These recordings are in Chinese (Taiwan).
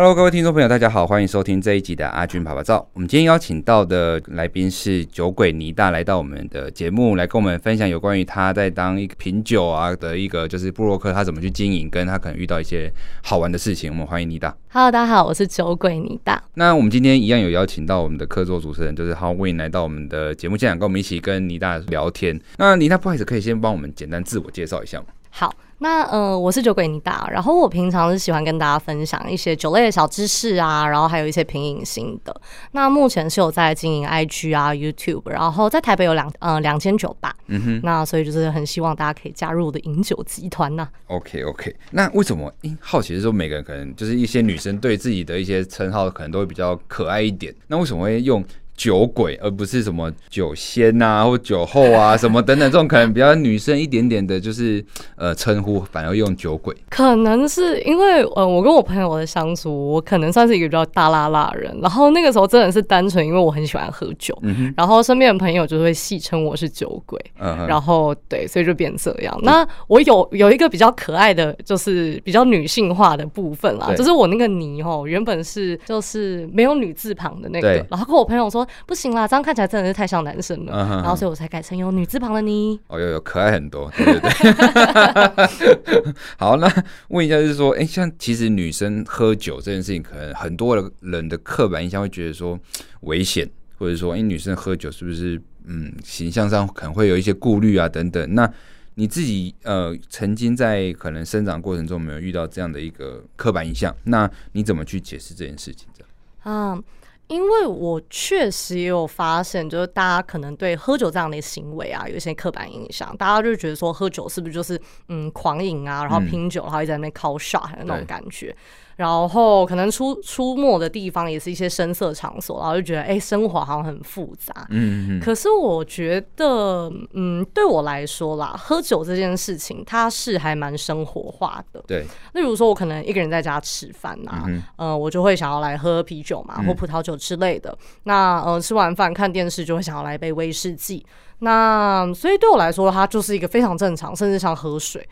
Hello，各位聽眾朋友，大家好，歡迎收聽這一集的阿軍啪啪照。我們今天邀請到的來賓是酒鬼妮大，來到我們的節目來跟我們分享有關於他在當一個品酒啊的一個就是布洛克，他怎麼去經營，跟他可能遇到一些好玩的事情。我們歡迎妮大。Hello，大家好，我是酒鬼妮大。那我們今天一樣有邀請到我們的客座主持人，就是郝威，來到我們的節目現場，跟我們一起跟妮大聊天。那妮大不好意思，可以先幫我們簡單自我介紹一下嗎？好，那呃，我是酒鬼妮大，然後我平常是喜歡跟大家分享一些酒類的小知識啊，然後還有一些品飲心得。那目前是有在經營 IG 啊、YouTube，然後在台北有兩呃兩間酒吧。298，嗯哼，那所以就是很希望大家可以加入我的飲酒集團呢、啊。OK OK，那為什麼？因好奇的是說，每個人可能就是一些女生對自己的一些稱號，可能都會比較可愛一點。那為什麼會用？酒鬼，而不是什麼酒仙吶，或酒後啊，什麼等等，這種可能比較女生一點點的、就是呃稱呼，反而用酒鬼。可能是因為呃，我跟我朋友的相處，我可能算是一個比較大剌剌人。然後那個時候真的是單純，因為我很喜歡喝酒，然後身邊的朋友就會戲稱我是酒鬼。然後對，所以就變這樣。那我有有一個比較可愛的就是比較女性化的部分啦，就是我那個妮吼，原本是就是沒有女字旁的那個，然後跟我朋友說。不行啦，這樣看起來真的是太像男生了。嗯、哼哼然後所以我才改成有女字旁的“妮”。哦喲喲，可愛很多。對對對。 好，那問一下，就是說，哎、欸，像其實女生喝酒這件事情，可能很多人的刻板印象會覺得說危險，或者說，因、欸、女生喝酒是不是，嗯，形象上可能會有一些顧慮啊等等。那你自己呃，曾經在可能生長過程中沒有遇到這樣的一個刻板印象，那你怎麼去解釋這件事情？這樣。嗯。因為我確實也有發現，就是大家可能對喝酒這樣的行為啊，有一些刻板印象，大家就覺得說喝酒是不是就是嗯狂飲啊，然後拼酒，嗯、然後一直在那邊 call shot 那種感覺。然後可能出出沒的地方也是一些聲色場所，然後就覺得誒生活好像很複雜，嗯。可是我覺得，嗯，對我來說啦，喝酒這件事情它是還蠻生活化的。對。例如說，我可能一個人在家吃飯吶、啊，嗯、呃，我就會想要來喝啤酒嘛，或葡萄酒之類的。嗯、那呃，吃完飯看電視就會想要來一杯威士忌。那所以對我來說，它就是一個非常正常，甚至像喝水。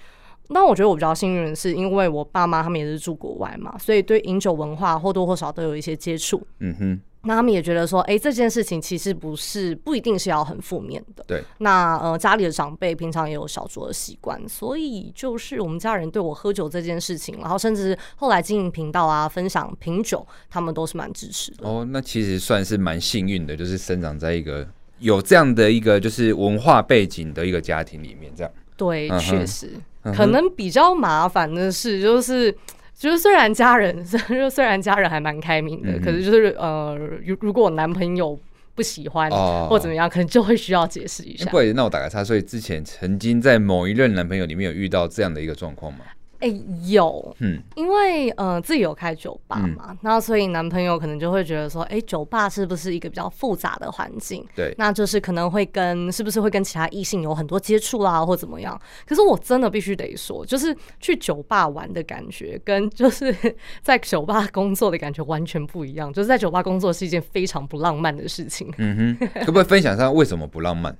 那我覺得我比較幸運的是，因為我爸媽他們也是住國外嘛，所以對飲酒文化或多或少都有一些接觸。嗯哼，那他們也覺得說，哎、欸，這件事情其實不是不一定是要很負面的。對，那呃，家裡的長輩平常也有小酌的習慣，所以就是我們家人對我喝酒這件事情，然後甚至後來經營頻道啊，分享品酒，他們都是蠻支持的。哦，那其實算是蠻幸運的，就是生長在一個有這樣的一個就是文化背景的一個家庭裡面，這樣，對，確、嗯、實。嗯、可能比較麻煩的是、就是，就是就是雖然家人，雖然雖然家人還蠻開明的、嗯，可是就是呃，如如果我男朋友不喜歡、哦、或怎麼樣，可能就會需要解釋一下。欸、不，那我打個岔，所以之前曾經在某一任男朋友裡面有遇到這樣的一個狀況嗎？欸、有，嗯，因為呃自己有開酒吧嘛、嗯，那所以男朋友可能就會覺得說，哎、欸，酒吧是不是一個比較複雜的環境？對，那就是可能會跟是不是會跟其他異性有很多接觸啊，或怎麼樣？可是我真的必須得說，就是去酒吧玩的感覺，跟就是在酒吧工作的感覺完全不一樣。就是在酒吧工作是一件非常不浪漫的事情。嗯哼，可不可以分享一下為什麼不浪漫？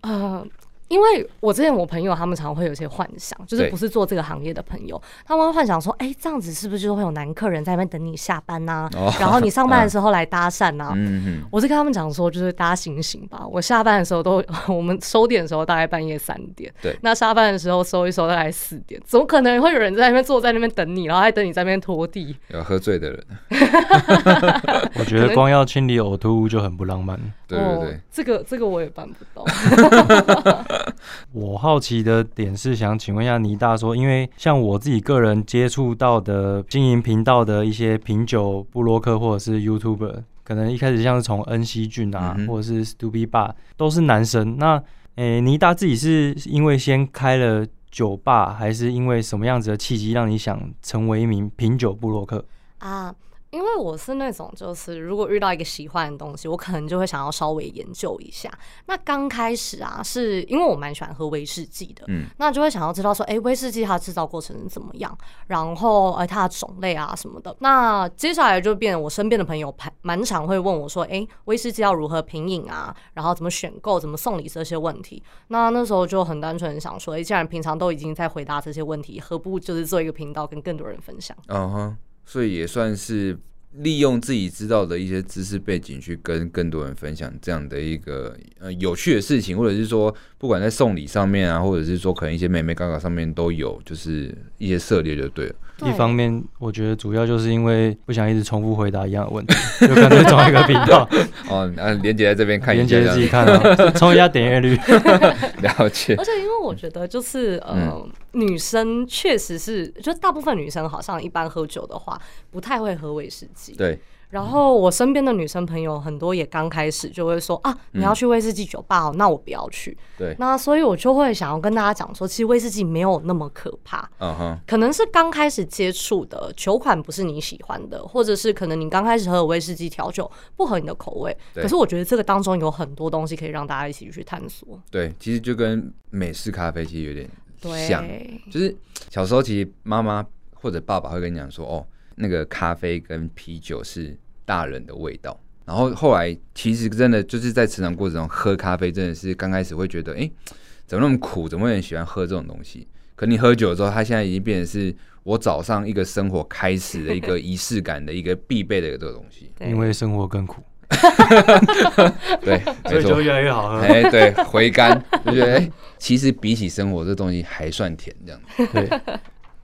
啊、 呃。因為我之前我朋友他們常會有一些幻想，就是不是做這個行業的朋友，他們會幻想說，哎、欸，這樣子是不是就是會有男客人在那邊等你下班啊？Oh, 然後你上班的時候來搭訕啊。嗯，嗯，嗯，我是跟他們講說，就是搭行行吧。我下班的時候都，我們收店的時候大概半夜三點，對。那下班的時候收一收大概四點，怎麼可能會有人在那邊坐在那邊等你，然後還等你在那邊拖地？有喝醉的人。 我覺得光要清理嘔吐就很不浪漫。對對對，哦，這個這個我也辦不到。 我好奇的點是，想請問一下妮大說，因為像我自己個人接觸到的經營頻道的一些品酒部落客或者是 YouTuber，可能一開始像是從恩熙俊啊，或者是 Stu p b d r、嗯、都是男生。那誒、欸，妮大自己是因為先開了酒吧，還是因為什麼樣子的契機讓你想成為一名品酒部落客啊？因為我是那種，就是如果遇到一個喜歡的東西，我可能就會想要稍微研究一下。那剛開始啊，是因為我蠻喜歡喝威士忌的，嗯，那就會想要知道說，欸，威士忌它製造過程怎麼樣，然後欸，它的種類啊什麼的。那接下來就變成我身邊的朋友蠻常會問我說，欸，威士忌要如何品飲啊，然後怎麼選購，怎麼送禮這些問題。那那時候就很單純想說，欸，既然平常都已經在回答這些問題，何不就是做一個頻道，跟更多人分享？嗯哼。所以也算是利用自己知道的一些知識背景，去跟更多人分享這樣的一個呃有趣的事情，或者是說，不管在送禮上面啊，或者是說可能一些妹妹哥哥上面都有，就是一些涉獵就對了。一方面，我覺得主要就是因為不想一直重複回答一樣的問題， 就乾脆轉一個頻道。 哦，那連姐在這邊看一下這，連姐自己看啊，衝一下點閱率。 了解。而且因為我覺得，就是、嗯、呃，女生確實是，就大部分女生好像一般喝酒的話，不太會喝威士忌。對。然後我身邊的女生朋友很多也剛開始就會說啊，你要去威士忌酒吧哦、嗯，那我不要去。對，那所以我就會想要跟大家講說，其實威士忌沒有那麼可怕。嗯哼，可能是剛開始接觸的酒款不是你喜歡的，或者是可能你剛開始喝威士忌調酒不合你的口味。可是我覺得這個當中有很多東西可以讓大家一起去探索。對，其實就跟美式咖啡其實有點像對，就是小時候其實媽媽或者爸爸會跟你講說哦。那個咖啡跟啤酒是大人的味道，然後後來其實真的就是在成長過程中喝咖啡，真的是剛開始會覺得，哎、欸，怎麼那麼苦？怎麼有人喜歡喝這種東西？可你喝酒之後，它現在已經變成是我早上一個生活開始的一個儀式感的一個必備的一個東西。因為生活更苦， 對，所以就越來越好喝。哎、欸，對，回甘，我覺得，哎、欸，其實比起生活，這東西還算甜，這樣子。對。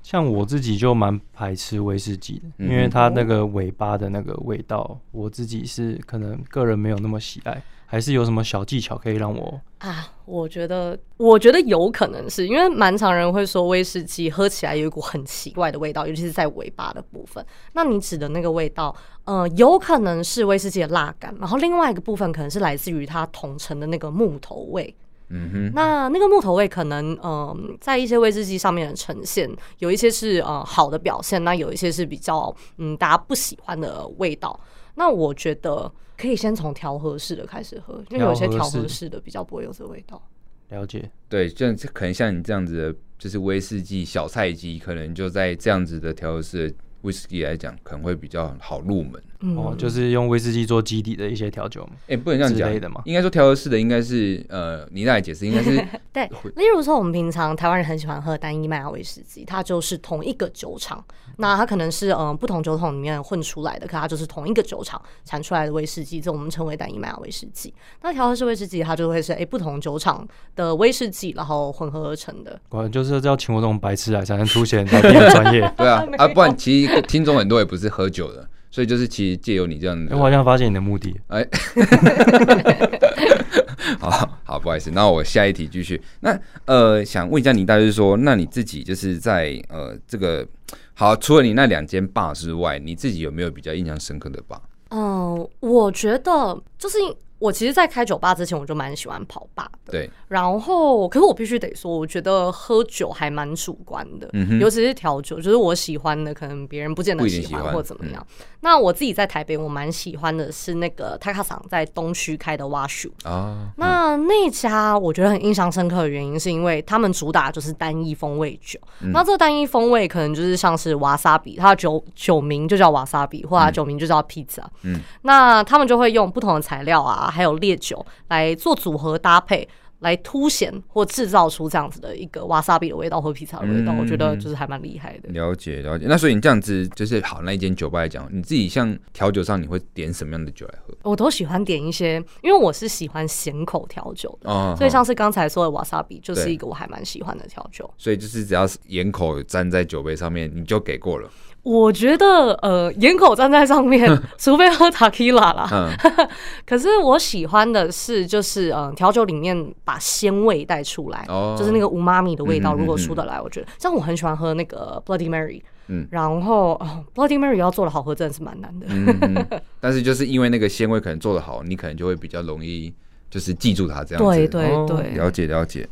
像我自己就蠻排斥威士忌的，因為它那個尾巴的那個味道、嗯，我自己是可能個人沒有那麼喜愛。還是有什麼小技巧可以讓我啊？我覺得，我覺得有可能是因為蠻常人會說威士忌喝起來有一股很奇怪的味道，尤其是在尾巴的部分。那你指的那個味道，呃，有可能是威士忌的辣感，然後另外一個部分可能是來自於它桶陳的那個木頭味。嗯哼，那那個木頭味可能，嗯、呃，在一些威士忌上面的呈現，有一些是呃好的表現，那有一些是比較嗯大家不喜歡的味道。那我覺得可以先從調和式的開始喝，因為有一些調和式的比較不會有這味道。了解，對，就可能像你這樣子的，就是威士忌小菜雞，可能就在這樣子的調和式的。威士忌來講可能會比較好入門、嗯、哦，就是用威士忌做基底的一些調酒嘛，哎、欸，不能這樣講，應該說調和式的應該是呃，你那解釋應該是 對。例如說我們平常台灣人很喜歡喝單一麥芽威士忌，它就是同一個酒廠，那它可能是嗯、呃、不同酒桶裡面混出來的，可它就是同一個酒廠產出來的威士忌，這我們稱為單一麥芽威士忌。那調和式威士忌它就會是哎、欸、不同酒廠的威士忌然後混合而成的。我就是要請我這種白痴來才能凸顯你的專業， 對啊，啊不然其實。聽眾很多也不是喝酒的，所以就是其實借由你這樣的，我好像發現你的目的。哎、欸， 好好，不好意思，那我下一題繼續。那呃，想問一下你，大概是說，那你自己就是在呃這個好，除了你那兩間吧之外，你自己有沒有比較印象深刻的吧？嗯、呃，我覺得就是。我其實，在開酒吧之前，我就蠻喜歡跑吧的。對。然後，可是我必須得說，我覺得喝酒還蠻主觀的，嗯、尤其是調酒，就是我喜歡的，可能別人不見得喜歡，不喜歡或怎麼樣、嗯。那我自己在台北，我蠻喜歡的是那個 Takasang 在東區開的 Washu 啊。那那家我覺得很印象深刻的原因，是因為他們主打就是單一風味酒。嗯、那這個單一風味可能就是像是瓦薩比，它的酒酒名就叫瓦薩比，或者酒名就叫 Pizza。嗯。那他們就會用不同的材料啊。還有烈酒來做組合搭配，來凸顯或制造出這樣子的一個瓦薩比的味道或披薩的味道，我覺得就是還蠻厲害的、嗯嗯嗯。了解了解，那所以你這樣子就是好那一間酒吧來講，你自己像調酒上，你會點什麼樣的酒來喝？我都喜歡點一些，因為我是喜歡鹹口調酒的、哦，所以像是剛才說的瓦薩比就是一個我還蠻喜歡的調酒。所以就是只要是鹽口沾在酒杯上面，你就給過了。我覺得，呃，眼口站在上面， 除非喝 Tequila 啦。了、嗯。 可是我喜歡的是，就是呃，調酒裡面把鮮味帶出來、哦，就是那個無媽咪的味道、嗯，如果出得來，我覺得、嗯嗯。像我很喜歡喝那個 Bloody Mary。嗯。然後、哦、，Bloody Mary 要做的好喝，真的是蠻難的。嗯嗯嗯、 但是就是因為那個鮮味，可能做的好，你可能就會比較容易，就是記住它這樣子。對對對,、哦對,對,對了，了解了解。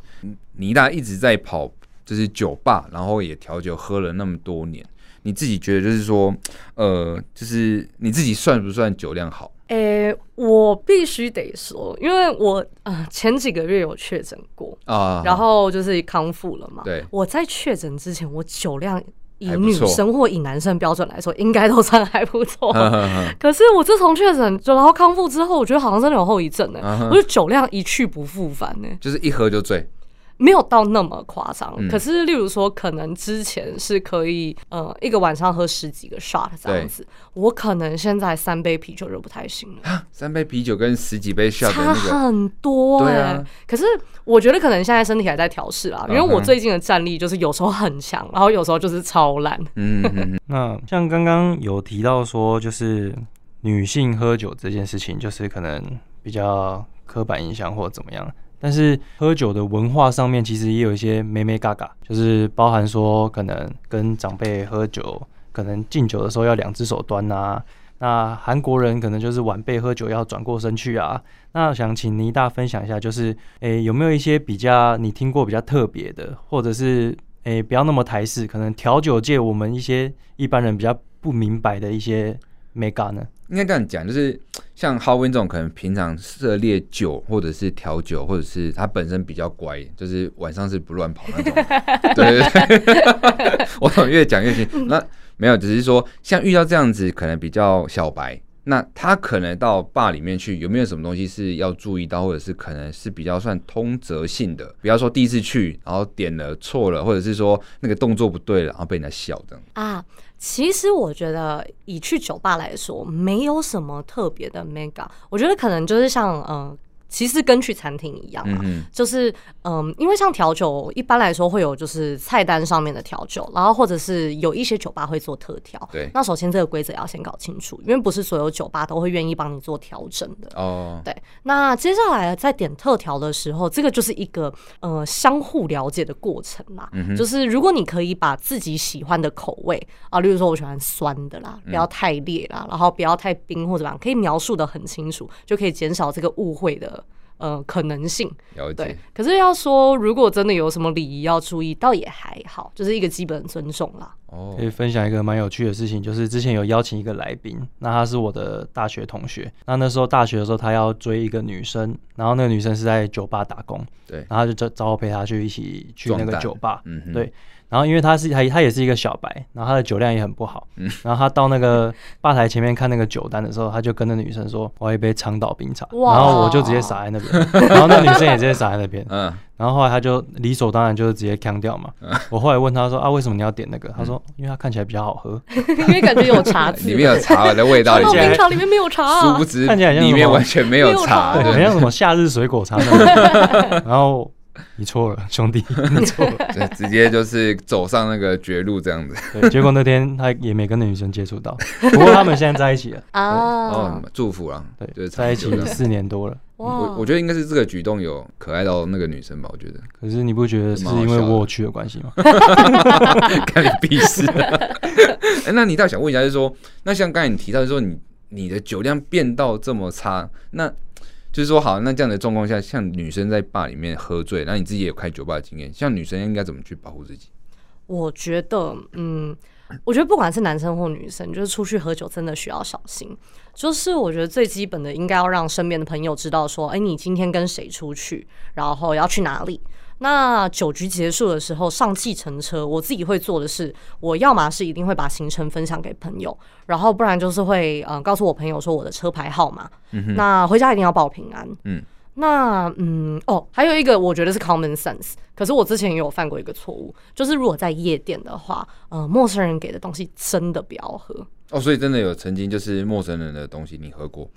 妮大一直在跑，就是酒吧，然後也調酒喝了那麼多年。你自己覺得就是說，呃，就是你自己算不算酒量好？誒、欸，我必須得說，因為我啊、呃、前幾個月有確診過啊，然後就是康復了嘛。對。我在確診之前，我酒量以女生或以男生標準來說，應該都算還不錯。可是我自從確診，就然後康復之後，我覺得好像真的有後遺症呢、啊。我就酒量一去不復返呢，就是一喝就醉。沒有到那麼誇張，嗯，可是例如說，可能之前是可以，呃，一個晚上喝十幾個 shot 這樣子，我可能現在三杯啤酒就不太行了。三杯啤酒跟十幾杯 shot 的，那個，差很多。欸對啊，可是我覺得可能現在身體還在調試啦，uh -huh. 因為我最近的戰力就是有時候很強，然後有時候就是超爛。嗯， 那像剛剛有提到說，就是女性喝酒這件事情，就是可能比較刻板印象或者怎麼樣。但是喝酒的文化上面，其實也有一些美美嘎嘎，就是包含說，可能跟長輩喝酒，可能敬酒的時候要兩隻手端吶、啊。那韓國人可能就是晚輩喝酒要轉過身去啊。那想請妮大分享一下，就是誒、欸、有沒有一些比較你聽過比較特別的，或者是誒、欸、不要那麼台式，可能調酒界我們一些一般人比較不明白的一些沒嘎呢？應該這樣講，就是。像浩 o 這種，可能平常涉獵酒，或者是調酒，或者是他本身比較乖，就是晚上是不亂跑那種。 對，對，對 我越講越心、嗯。那沒有，只是說像遇到這樣子，可能比較小白。那他可能到 bar 裡面去，有沒有什麼東西是要注意到，或者是可能是比較算通則性的？不要說第一次去，然後點了錯了，或者是說那個動作不對了，然後被人家笑這樣啊？其實我覺得以去酒吧來說，沒有什麼特別的 Mega，我覺得可能就是像嗯。呃其實跟去餐廳一樣嘛、啊嗯，就是嗯，因為像調酒一般來說會有就是菜單上面的調酒，然後或者是有一些酒吧會做特調。對。那首先這個規則要先搞清楚，因為不是所有酒吧都會願意幫你做調整的。哦、oh.。對。那接下來在點特調的時候，這個就是一個呃相互了解的過程嘛。嗯哼。就是如果你可以把自己喜歡的口味啊，例如說我喜歡酸的啦，不要太烈啦，嗯、然後不要太冰或者什麼樣，可以描述得很清楚，就可以減少這個誤會的。呃，可能性，對。可是要說，如果真的有什麼禮儀要注意，倒也還好，就是一個基本尊重啦。哦，oh，可以分享一個蠻有趣的事情，就是之前有邀請一個來賓，那他是我的大學同學，那那時候大學的時候，他要追一個女生，然後那個女生是在酒吧打工，對，然後他就找找我陪他去一起去那個酒吧，嗯，對。然後，因為他是他也是一個小白，然後他的酒量也很不好。然後他到那個吧台前面看那個酒單的時候，他就跟那個女生說：“我要一杯長島冰茶。Wow. ”然後我就直接撒在那邊， 然後那女生也直接撒在那邊。嗯。 然後後來他就理所當然就是直接 kill 掉嘛。 我後來問他說：“啊，為什麼你要點那個？” 他說：“因為他看起來比較好喝， 因為感覺有茶， 裡面有茶、啊、的味道。冰 茶裡面沒有茶、啊，足不像裡面完全沒有茶、啊，好像什，沒有茶、啊、對像什麼夏日水果茶那。 ” 然後。你錯了，兄弟，你錯了， 對，直接就是走上那個絕路這樣子。對，結果那天他也沒跟那女生接觸到，不過他們現在在一起了哦。Oh. 哦，祝福啦，對，對，在一起了四年多了。嗯、我我覺得應該是這個舉動有可愛到那個女生吧，我覺得。可是你不覺得是因為我去的關係嗎？看 你必死、啊 欸。那你倒想問一下，就是說，那像剛才你提到就是說你，你你的酒量變到這麼差，那，就是說，好，那這樣的狀況下，像女生在吧裡面喝醉，那你自己也有開酒吧的經驗，像女生應該怎麼去保護自己？我覺得，嗯，我覺得不管是男生或女生，就是出去喝酒真的需要小心。就是我覺得最基本的，應該要讓身邊的朋友知道，說，誒，你今天跟誰出去，然後要去哪裡。那酒局結束的時候上計程車，我自己會做的是，我要嘛是一定會把行程分享給朋友，然後不然就是會嗯、呃、告訴我朋友說我的車牌號碼。嗯哼。那回家一定要報平安。嗯。那嗯哦，還有一個我覺得是 common sense，可是我之前也有犯過一個錯誤，就是如果在夜店的話，呃，陌生人給的東西真的不要喝。哦，所以真的有曾經就是陌生人的東西你喝過？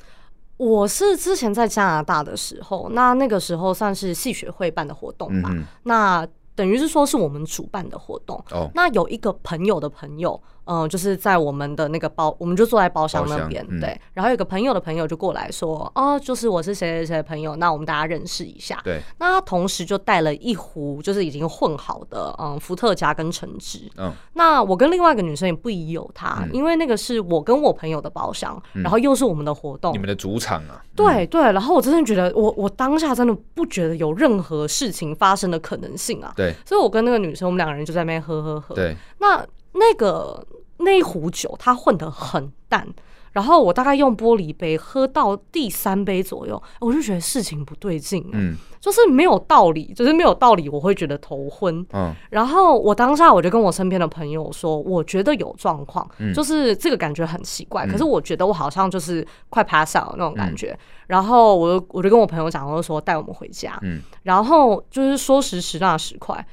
我是之前在加拿大的時候，那那個時候算是系學會辦的活動吧，嗯、那等於是說是我們主辦的活動，oh. 那有一個朋友的朋友。嗯，就是在我們的那個包，我們就坐在包廂那邊、嗯，對。然後有一個朋友的朋友就過來說，嗯、哦，就是我是誰誰誰的朋友，那我們大家認識一下。對。那他同時就帶了一壺，就是已經混好的，嗯，伏特加跟橙汁。嗯、哦。那我跟另外一個女生也不疑有他、嗯，因為那個是我跟我朋友的包廂、嗯，然後又是我們的活動。你們的主場啊。嗯、對對，然後我真的覺得我，我我當下真的不覺得有任何事情發生的可能性啊。對。所以我跟那個女生，我們兩個人就在那邊喝喝喝。對。那那個。那一壺酒，它混得很淡。然後我大概用玻璃杯喝到第三杯左右，我就覺得事情不對勁。嗯，就是沒有道理，就是沒有道理。我會覺得頭昏。嗯、哦，然後我當下我就跟我身邊的朋友說，我覺得有狀況。嗯，就是這個感覺很奇怪。嗯、可是我覺得我好像就是快趴下了那種感覺。嗯、然後我就我就跟我朋友講，我就說帶我們回家。嗯，然後就是說時遲那時快。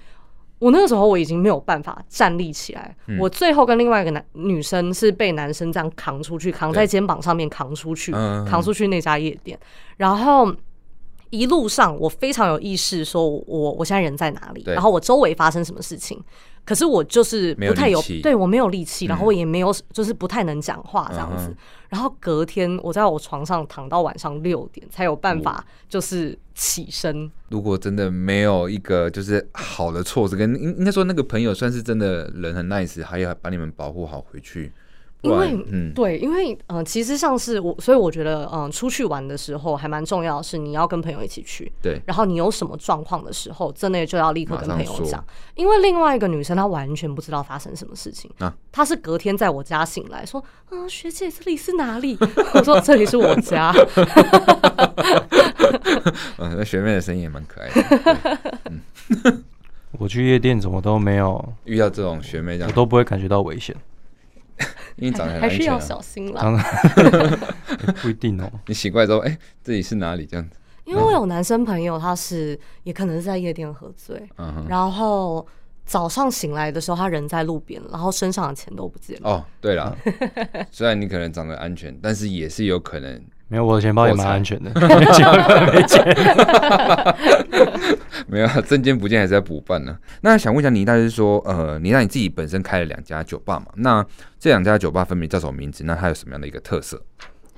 我那個時候，我已經沒有辦法站立起來、嗯，我最後跟另外一個男女生是被男生這樣扛出去，扛在肩膀上面扛出去，扛出去那家夜店、嗯，然後一路上我非常有意識，說我我，我現在人在哪裡，然後我周圍發生什麼事情。可是我就是不太有，沒有力氣，對，我沒有力氣，嗯、然後我也沒有，就是不太能講話這樣子。嗯、然後隔天我在我床上躺到晚上六點才有辦法，就是起身。如果真的沒有一個就是好的措施，跟應應該說那個朋友算是真的人很 nice，還要把你們保護好回去。因為，嗯，對，因為，嗯、呃，其實像是我，所以我覺得，嗯、呃，出去玩的時候還蠻重要的是，你要跟朋友一起去。對。然後你有什麼狀況的時候，真的就要立刻跟朋友講，因為另外一個女生她完全不知道發生什麼事情。啊。她是隔天在我家醒來，說：“啊、嗯，學姐，這裡是哪裡？” 我說：“這裡是我家。”哈哈哈哈哈。嗯，那學妹的聲音也蠻可愛的。哈哈哈哈哈。我去夜店怎麼都沒有遇到這種學妹，這樣我都不會感覺到危險。 因為長得還是要小心啦，不一定哦。你醒過來之後，哎，這裡是哪裡這樣子？因為我有男生朋友，他是也可能是在夜店喝醉，然後早上醒來的時候，他人在路邊，然後身上的錢都不見了哦，對啦，雖然你可能長得安全，但是也是有可能。 沒有，我的錢包也蠻安全的， 沒錢，沒錢沒有，證件不見，還是在補辦呢、啊。那想問一下，妮大師說，呃，妮大你自己本身開了兩家酒吧嘛？那這兩家酒吧分別叫什麼名字？那它還有什麼樣的一個特色？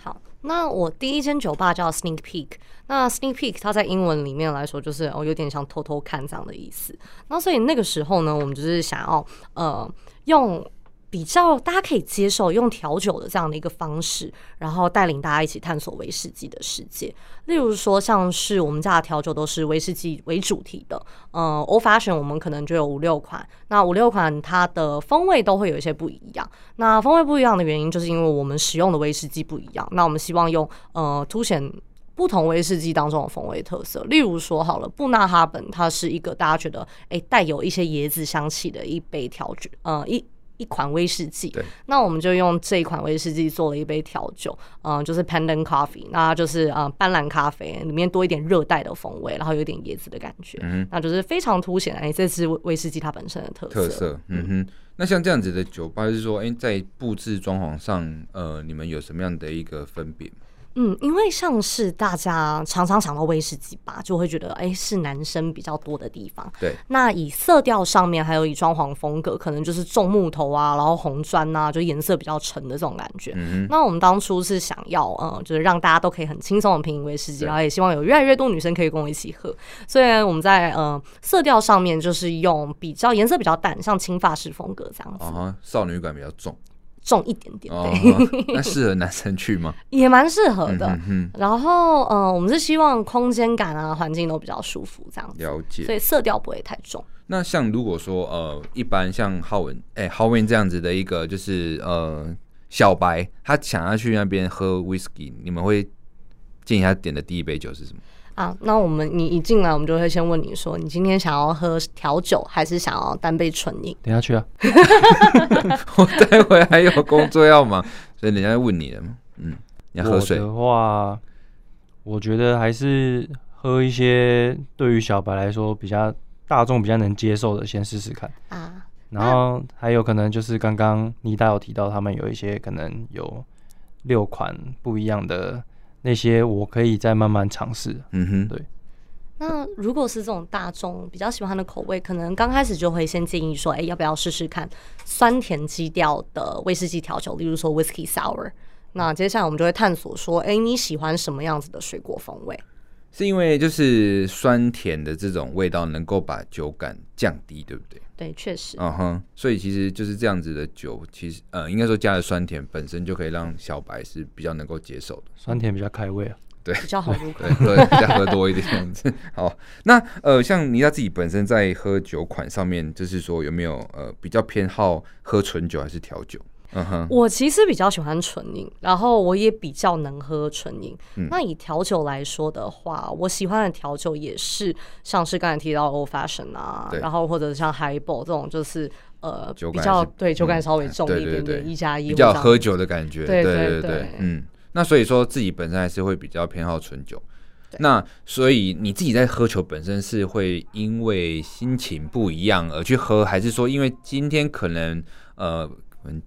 好，那我第一間酒吧叫 Sneak Peek，那 Sneak Peek 它在英文裡面來說就是哦，有點像偷偷看這樣的意思。那所以那個時候呢，我們就是想要呃用。比較大家可以接受用調酒的這樣的一個方式，然後帶領大家一起探索威士忌的世界。例如說，像是我們家的調酒都是威士忌為主題的。呃，Old Fashioned 我們可能就有五六款，那五六款它的風味都會有一些不一樣。那風味不一樣的原因，就是因為我們使用的威士忌不一樣。那我們希望用呃凸顯不同威士忌當中的風味的特色。例如說，好了，布納哈本它是一個大家覺得哎帶、欸、有一些椰子香氣的一杯調酒，呃一。一款威士忌對，那我們就用這一款威士忌做了一杯調酒，嗯、呃，就是 Pandan Coffee，那就是啊，斑、呃、斕咖啡，裡面多一點熱帶的風味，然後有一點椰子的感覺，嗯那就是非常凸顯哎，這是威士忌它本身的特色，特色嗯哼。那像這樣子的酒吧，就是說，哎，在布置裝潢上，呃，你們有什麼樣的一個分別？嗯，因為像是大家常常想到威士忌吧，就會覺得哎、欸、是男生比較多的地方。對。那以色調上面還有以裝潢風格，可能就是重木頭啊，然後紅磚啊，就顏色比較沉的這種感覺。嗯。那我們當初是想要，嗯，就是讓大家都可以很輕鬆的品飲威士忌，然後也希望有越來越多女生可以跟我一起喝。雖然我們在呃色調上面就是用比較顏色比較淡，像輕法式風格這樣子。啊、uh-huh，少女感比較重。重一點點，哦、那適合男生去嗎？ 也蠻適合的。嗯、哼哼。然後、呃，我們是希望空間感啊，環境都比較舒服，這樣子。了解。所以色調不會太重。那像如果說，呃，一般像浩文，哎、欸，浩文這樣子的一個，就是呃，小白，他想要去那邊喝 whiskey，你們會建議他點的第一杯酒是什麼？啊，那我們你一進來，我們就會先問你說，你今天想要喝調酒還是想要單杯純飲？等下去啊， 我待會還有工作要忙，所以人家問你了嘛，嗯，你要喝水的話，我覺得還是喝一些對於小白來說比較大眾、比較能接受的，先試試看啊。然後還有可能就是剛剛妮大有提到，他們有一些可能有六款不一樣的。那些我可以再慢慢嘗試。嗯哼，對。那如果是這種大眾比較喜歡的口味，可能剛開始就會先建議說：“哎、欸，要不要試試看酸甜基調的威士忌調酒，例如說 whisky sour。”那接下來我們就會探索說：“哎、欸，你喜歡什麼樣子的水果風味？”是因為就是酸甜的這種味道能夠把酒感降低，對不對？對，確實。嗯哼，所以其實就是這樣子的酒，其實呃，應該說加了酸甜本身就可以讓小白是比較能夠接受的，酸甜比較開胃啊，對，比較好入口，對，比較 喝，再喝多一點這樣子。好，那呃，像你要自己本身在喝酒款上面，就是說有沒有呃比較偏好喝純酒還是調酒？Uh -huh, 我其實比較喜歡純飲，然後我也比較能喝純飲，嗯。那以調酒來說的話，我喜歡的調酒也是像是剛才提到 Old Fashioned 啊，然後或者像 Highball 這種，就是呃酒是比較對，嗯，酒感稍微重一點點，啊，一加一比較喝酒的感覺。對對對，嗯。那所以說自己本身還是會比較偏好純酒。那所以你自己在喝酒本身是會因為心情不一樣而去喝，還是說因為今天可能呃？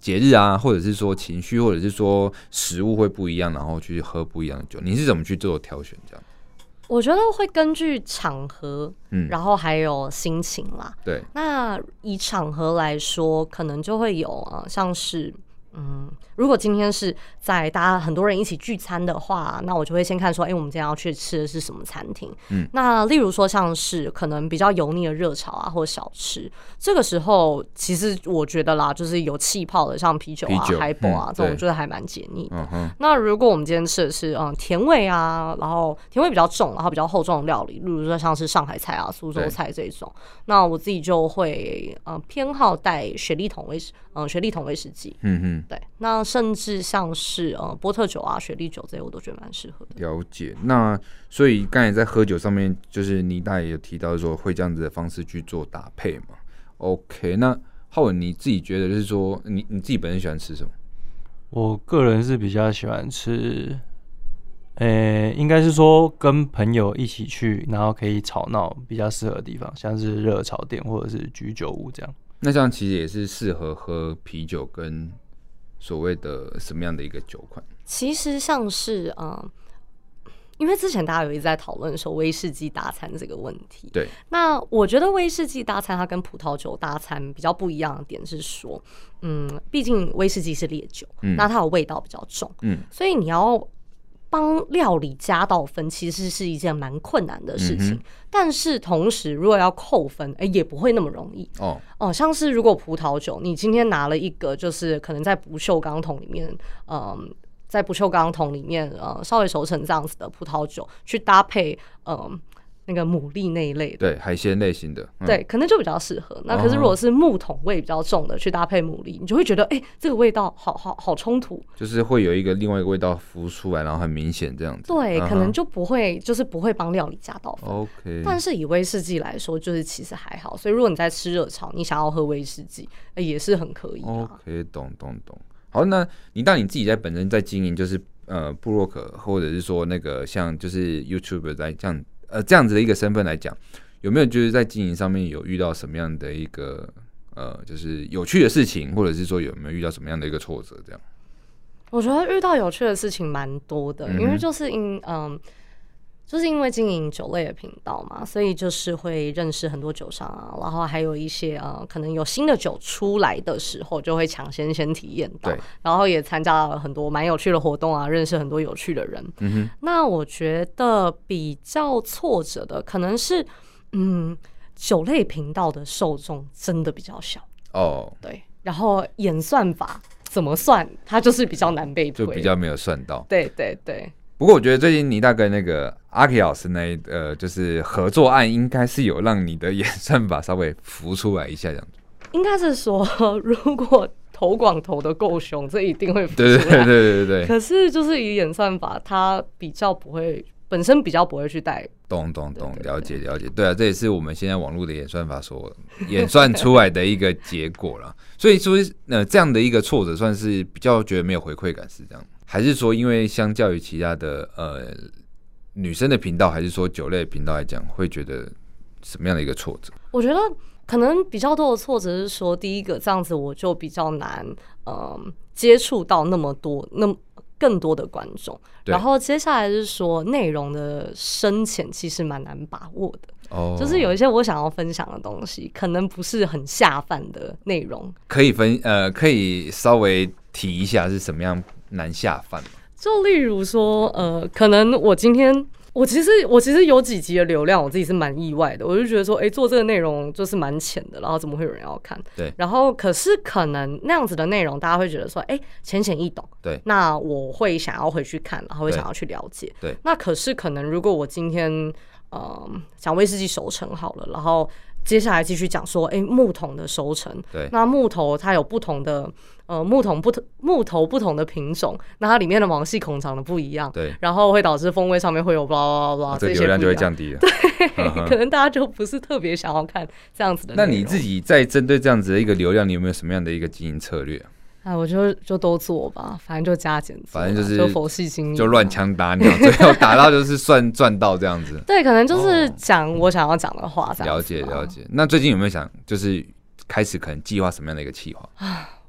節日啊，或者是說情緒，或者是說食物會不一樣，然後去喝不一樣的酒，你是怎麼去做挑選這樣？我覺得會根據場合，嗯，然後還有心情啦。對，那以場合來說，可能就會有啊，像是。嗯，如果今天是在大家很多人一起聚餐的話，那我就會先看說，哎、欸，我們今天要去吃的是什麼餐廳？嗯，那例如說像是可能比較油膩的熱炒啊，或者小吃，這個時候其實我覺得啦，就是有氣泡的，像啤酒啊、酒海波啊、嗯、這種，我覺得還蠻解膩的。那如果我們今天吃的是嗯甜味啊，然後甜味比較重，然後比較厚重的料理，例如說像是上海菜啊、蘇州菜這種，那我自己就會嗯偏好帶雪莉桶威士，嗯，雪莉桶威士忌。嗯對，那甚至像是呃、嗯、波特酒啊、雪莉酒這些，我都覺得蠻適合的。了解，那，所以剛才在喝酒上面，就是妮大也有提到說會這樣子的方式去做搭配嘛？OK，那浩文你自己覺得就是說你，你你自己本身喜歡吃什麼？我個人是比較喜歡吃，呃、欸，應該是說跟朋友一起去，然後可以吵鬧，比較適合的地方，像是熱炒店或者是居酒屋這樣。那這樣其實也是適合喝啤酒跟。所謂的什麼樣的一個酒款？其實像是啊、嗯，因為之前大家有一直在討論說威士忌大餐這個問題。對，那我覺得威士忌大餐它跟葡萄酒大餐比較不一樣的點是說，嗯，畢竟威士忌是烈酒，嗯、那它的味道比較重，嗯，所以你要。幫料理加到分，其實是一件蠻困難的事情。嗯、但是同時，如果要扣分，哎、欸，也不會那麼容易。哦哦、呃，像是如果葡萄酒，你今天拿了一個，就是可能在不鏽鋼桶裡面，嗯、呃，在不鏽鋼桶裡面，呃，稍微熟成這樣子的葡萄酒，去搭配，嗯、呃。那個牡蠣那一類的，對海鮮類型的，嗯、對可能就比較適合。那可是如果是木桶味比較重的、uh -huh. 去搭配牡蠣，你就會覺得哎、欸，這個味道好好好衝突，就是會有一個另外一個味道浮出來，然後很明顯這樣子。對，uh -huh. 可能就不會就是不會幫料理加到。OK。但是以威士忌來說，就是其實還好。所以如果你在吃熱炒，你想要喝威士忌、欸、也是很可以、啊。OK，懂懂懂。好，那你當你自己在本身在經營，就是呃部落格，或者是說那個像就是 YouTuber 在這樣。呃，這樣子的一個身份來講，有沒有就是在經營上面有遇到什麼樣的一個呃，就是有趣的事情，或者是說有沒有遇到什麼樣的一個挫折？這樣，我覺得遇到有趣的事情蠻多的，嗯，因為就是因嗯。呃就是因為經營酒類的頻道嘛，所以就是會認識很多酒商啊，然後還有一些呃、啊，可能有新的酒出來的時候，就會搶先先體驗到。對，然後也參加了很多蠻有趣的活動啊，認識很多有趣的人。嗯哼。那我覺得比較挫折的可能是，嗯，酒類頻道的受眾真的比較小哦。對，然後演算法怎麼算，它就是比較難被推，就比較沒有算到。對對對。不過我覺得最近妮大哥那個阿 K 老師那一呃、就是合作案應該是有讓你的演算法稍微浮出來一下，這樣子。應該是說，如果投廣投的夠兇，這一定會浮出來。對對對對對。可是就是以演算法，它比較不會，本身比較不會去帶懂懂懂，了解了解。對啊，這也是我們現在網絡的演算法所演算出來的一個結果了。所以是不是，呃，這樣的一個挫折，算是比較覺得沒有回饋感，是這樣。還是說，因為相較於其他的呃女生的頻道，還是說酒類頻道來講，會覺得什麼樣的一個挫折？我覺得可能比較多的挫折是說，第一個這樣子我就比較難，嗯、呃，接觸到那麼多、那更多的觀眾。然後接下來是說內容的深淺，其實蠻難把握的。哦、oh，就是有一些我想要分享的東西，可能不是很下飯的內容。可以分呃，可以稍微。提一下是什麼樣難下飯？就例如說，呃，可能我今天我其實我其實有幾集的流量，我自己是蠻意外的。我就覺得說，哎、欸，做這個內容就是蠻淺的，然後怎麼會有人要看？對。然後可是可能那樣子的內容，大家會覺得說，哎、欸，淺顯易懂。對。那我會想要回去看，然後會想要去了解。對。對那可是可能如果我今天嗯、呃，想威士忌熟成好了，然後，接下來繼續講說，哎、欸，木桶的收成。對，那木頭它有不同的呃木桶不同木頭不同的品種，那它裡面的毛細孔長得不一樣，對，然後會導致風味上面會有哇哇哇哇。這流量就會降低了，對呵呵，可能大家就不是特別想要看這樣子的。那你自己在針對這樣子的一個流量，你有沒有什麼樣的一個經營策略？哎、啊，我就就都做吧，反正就加減，反正就是就佛系經營就亂槍打鳥， 最後打到就是算賺到這樣子。對，可能就是講我想要講的話、哦嗯。了解了解。那最近有沒有想就是開始可能計劃什麼樣的一個計劃？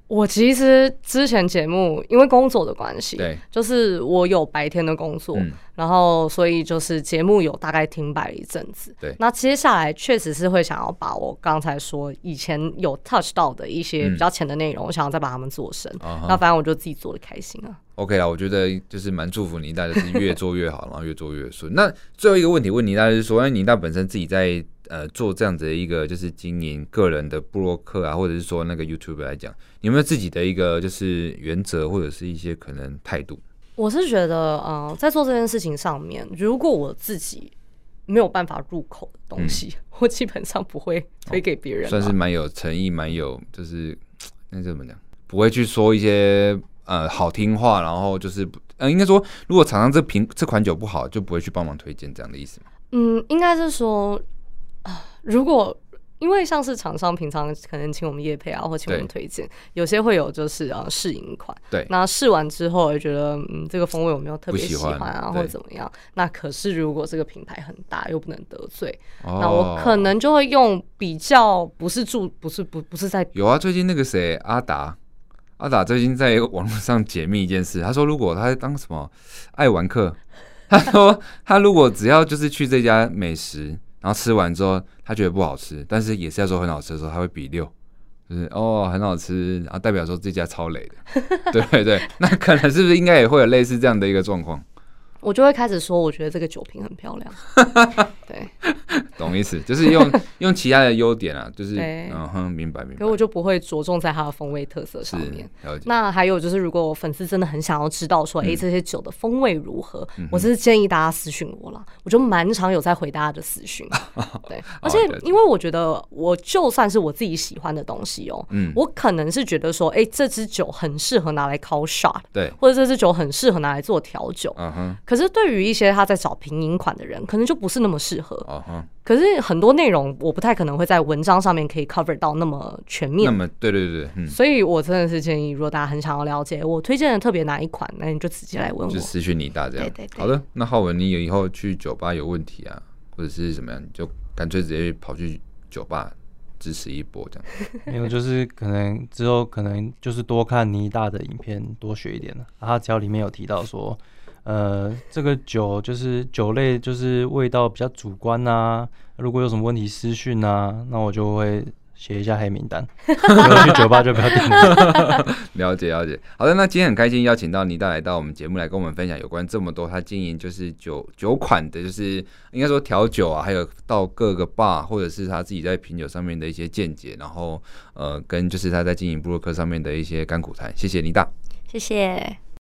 我其實之前節目因為工作的關係，對，就是我有白天的工作，嗯、然後所以就是節目有大概停擺了一陣子，對。那接下來確實是會想要把我剛才說以前有 touch 到的一些比較淺的內容、嗯，我想要再把它們做深、嗯。那反正我就自己做的開心啊。Uh -huh. OK 啊，我覺得就是蠻祝福妮大是越做越好， 然後越做越順。那最後一個問題問妮大就是說，哎，妮大本身自己在。呃，做這樣子的一個就是經營個人的部落客啊，或者是說那個 YouTube 來講，你有沒有自己的一個就是原則或者是一些可能態度？我是覺得，嗯、呃，在做這件事情上面，如果我自己沒有辦法入口的東西、嗯、我基本上不會推給別人、啊哦，算是蠻有誠意，蠻有就是那是怎麼講，不會去說一些呃好聽話，然後就是呃，應該說，如果廠商這瓶這款酒不好，就不會去幫忙推薦這樣的意思，嗯，應該是說。啊，如果因為像是廠商平常可能請我們業配啊，或請我們推薦，有些會有就是啊試飲款，對，那試完之後我覺得嗯這個風味我沒有特別喜歡啊喜歡，或怎麼樣，那可是如果這個品牌很大又不能得罪，那我可能就會用比較不是住不是不不是在有啊，最近那個誰阿達阿達最近在網絡上解密一件事，他說如果他當什麼愛玩客，他說他如果只要就是去這家美食。 然後吃完之後，他覺得不好吃，但是也是要說很好吃的時候，他會比六，就是哦，很好吃，然、啊、後代表說這家超雷的， 對對，那可能是不是應該也會有類似這樣的一個狀況？我就會開始說，我覺得這個酒瓶很漂亮， 對。 懂意思，就是用 用其他的優點啊，就是、欸、嗯哼，明白明白。所以我就不會着重在它的風味特色上面。了解。那還有就是，如果我粉絲真的很想要知道說，哎、嗯欸，這些酒的風味如何，嗯、我真是建議大家私訊我了。我就蠻常有在回答大家的私訊， 對。而且因為我覺得，我就算是我自己喜歡的東西哦、喔，嗯，我可能是覺得說，哎、欸，這支酒很適合拿來 call shot，對，或者這支酒很適合拿來做調酒，嗯哼。可是對於一些他在找平飲款的人，可能就不是那麼適合。嗯可是很多內容我不太可能會在文章上面可以 cover 到那麼全面。那麼對對對、嗯、所以我真的是建議，如果大家很想要了解，我推薦的特別哪一款，那你就直接來問我，就諮詢妮大這樣。對對對。好的，那浩文，你以後去酒吧有問題啊，或者是什麼樣，你就乾脆直接跑去酒吧支持一波這樣。 沒有，就是可能之後可能就是多看妮大的影片，多學一點了。然後他要裡面有提到說。呃，這個酒就是酒類，就是味道比較主觀吶、啊。如果有什麼問題私訊吶、啊，那我就會寫一下黑名單。 然後去酒吧就不要點了。 了解了解。好的，那今天很開心邀請到妮大來到我們節目來跟我們分享有關這麼多他經營就是酒酒款的，就是應該說調酒啊，還有到各個吧或者是他自己在品酒上面的一些見解，然後呃，跟就是他在經營部落客上面的一些甘苦談。謝謝妮大，謝謝。